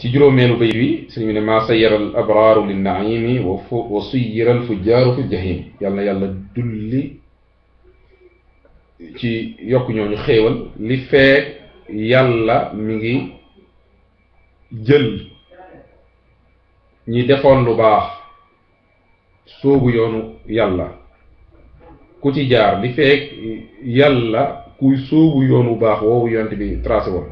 ci juróomeelu bayit wi sëñ bi ne maa sayyara al abraaru lin naimi wa wa suyira al fujjaaru fi jahim yàlla na yàlla dulli ci yokk ñooñu xéewal li feek yàlla mi ngi jël ñi defoon lu baax soobu yoonu yàlla ku ci jaar li feek yàlla kuy soobu yoonu baax woowu yonent bi tracé woon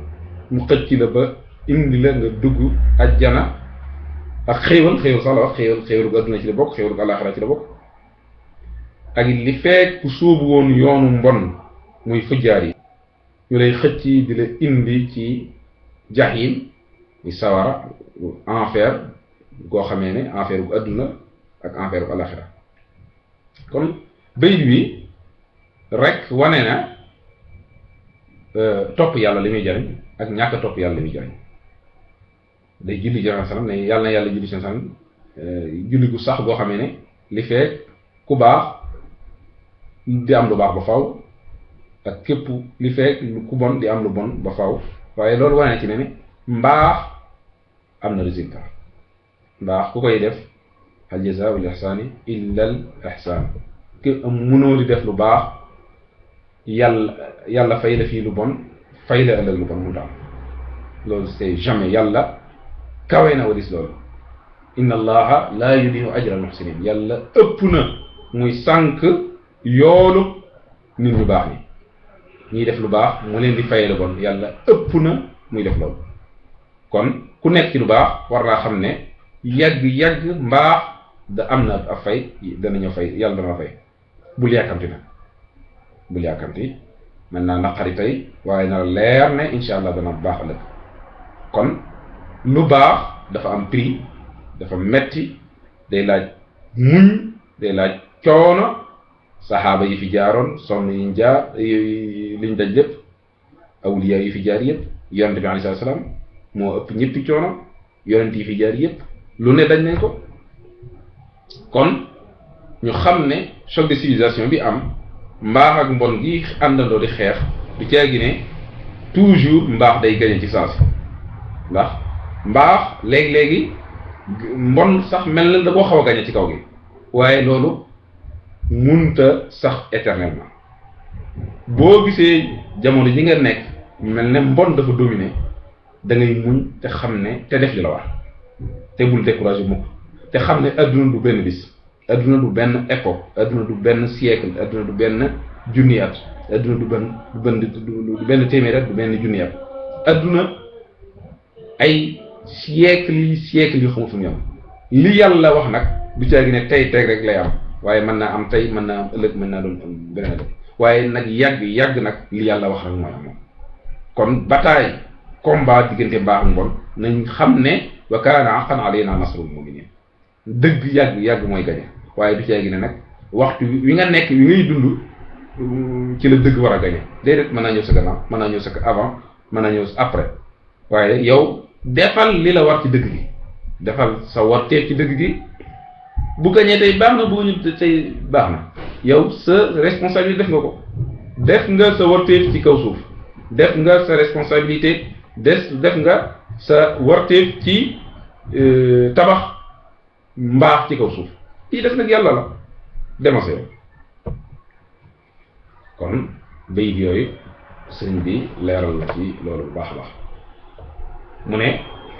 mu xëcc la ba indi la nga dugg ajjana ak xéewal xéewal sax la wax xéewal xéewalu àdduna ci la bokk xéewalu àllaaxira ci la bokk ak li feek ku sóobu woon yoonu mbon muy fujjaar yi ñu lay xëcc di la indi ci jaxim muy sawara enfer goo xamee ne enfer bu àdduna ak enfer bu àllaaxira kon bayit wi rek wane na topp yàlla li muy jariñ ak ñàkk topp yàlla li muy jariñ day julli ci sallam ne yàlla na yàlla julli ci sallam julli gu sax goo xamee ne li feeg ku baax di am lu baax ba faw ak képp li feeg ku bon di am lu bon ba faw waaye loolu wane ci ne ne mbaax am na résultat mbaax ku koy def al jazaa'u lil ihsaani illa al ihsaan ke mënoo di def lu baax yàlla yàlla fay la fii lu bon fay la ëllëg lu bon mu daal loolu c'est jamais yàlla kawe na wadis loolu inna allaha laa yudiu ajra al muhsinin yàlla ëpp na muy sànq yoolu nit ñu baax ni ñuy def lu baax mu leen di fayee lu bon yàlla ëpp na muy def loolu kon ku nekk ci lu baax war naa xam ne yàgg-yàgg mbaax da am na ab fay dana ñoo fay yàlla dana fay bul yàkkamti nag bul yàkkamti mën naa naqari tey waaye na leer ne incha allah dana baax ëllëg kon lu baax dafa am prix dafa metti day laaj muñ day laaj coono saxaaba yi fi jaaroon sonn yi jaar liñ daj lépp awliya yi fi jaar yëpp yonent bi alei satu salaam moo ëpp ñëppi coono yonent yi fi jaar yëpp lu ne dañ nañ ko kon ñu xam ne choc de civilisation bi am mbaax ak mbon gi àndandoo di xeex du caagi ne toujours mbaax day gañe ci saas ndax mbaax léegi-léegi mbon sax mel na da koo xaw a gañe ci kaw gi waaye loolu munta sax éternellement boo gisee jamono ji nga nekk mel ne mbon dafa dominer da ngay muñ te xam ne te def li la wax te bul découragé mukk te xam ne adduna du benn bis adduna du benn époque adduna du benn siècle adduna du benn junni at adduna du benn du benn du benn du benn junni at adduna ay siècle yi siècle yu xamu fu mu yem li yàlla wax nag du caagi ne tey tey rek lay am waaye mën naa am tey mën naa am ëllëg mën naa doon am beneen ëllëg waaye nag yàgg yàgg nag li yàlla wax rek mooy am kon bataille ba diggante baax ak mbon nañ xam ne wa kaana haqqan alaynaa nasrul mu'miniin dëgg yàgg yàgg mooy gañe waaye du caagi ne nag waxtu wi nga nekk wi ngay dund mm, ci la dëgg war a gañe déedéet mën naa ñëw mën naa ñëw sa avant mën naa ñëw sa après waaye defal li la war ci dëgg gi defal sa warteef ci dëgg gi bu gañee tey baax na boo ñu tey baax na yow sa responsabilité def nga ko def nga sa warteef ci kaw suuf def nga sa responsabilité des def nga sa warteef ci euh, tabax mbaax ci kaw suuf lii def nag yàlla la dema sa yow kon bayit yooyu sëñ bi leeral la ci loolu bu baax a baax mu ne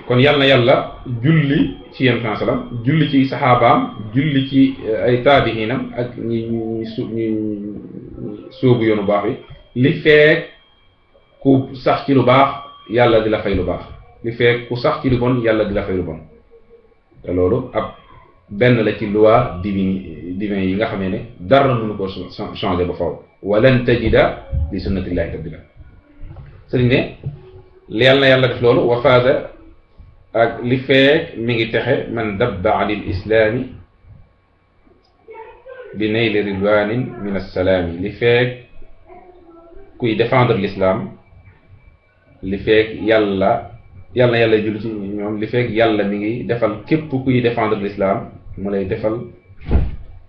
kon yal na yàlla julli ci yéen saa salaam julli ci saxaabaam julli ci eh, ay taabiinam ak ñi ñi su ñi sóobu yoonu baax wi li feek ku sax ci lu baax yàlla di la fay lu baax li feek ku sax ci lu bon yàlla di la fay lu bon te loolu ab benn la ci loi divine divine yi nga xamee ne dara mënu ko changer ba faw walan tajida li sunnatillahi tabdila sëriñ ne ليالنا يلا دفلولو وفاز لفاك من تحي من دب عن الإسلام بنيل رضوان من السلام لفاك كوي دفاندر الإسلام لفاك يلا يلا يلا جلوتي لفاك يلا مي دفل كيب كوي دفاندر الإسلام مولاي دفل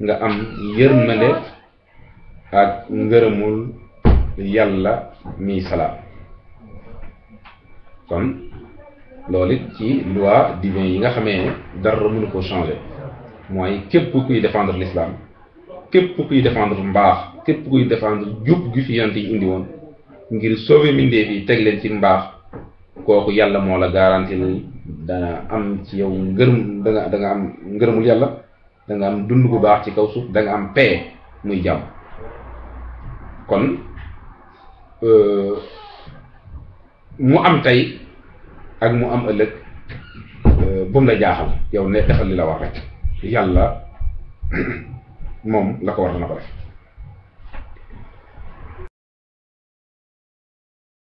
nga am yërmale ak ngërëmul yàlla mi salaam kon lool it ci loi divin yi nga xamee ne dara mënu ko changer mooy képp kuy défendre l'islam képp kuy défendre mbaax képp kuy défendre jub gi fi yonent yi indi woon ngir sauver mbindeef yi teg leen ci mbaax kooku yàlla moo la garanti ni dana am ci yow ngërëm da am ngërëmul yàlla da am dund bu baax ci kaw suuf da nga am paix muy jàmm kon euh, mu am tay ak mu am ëllëg bu la jaaxal yow ne defal li la wax rek yàlla moom la ko war na ko def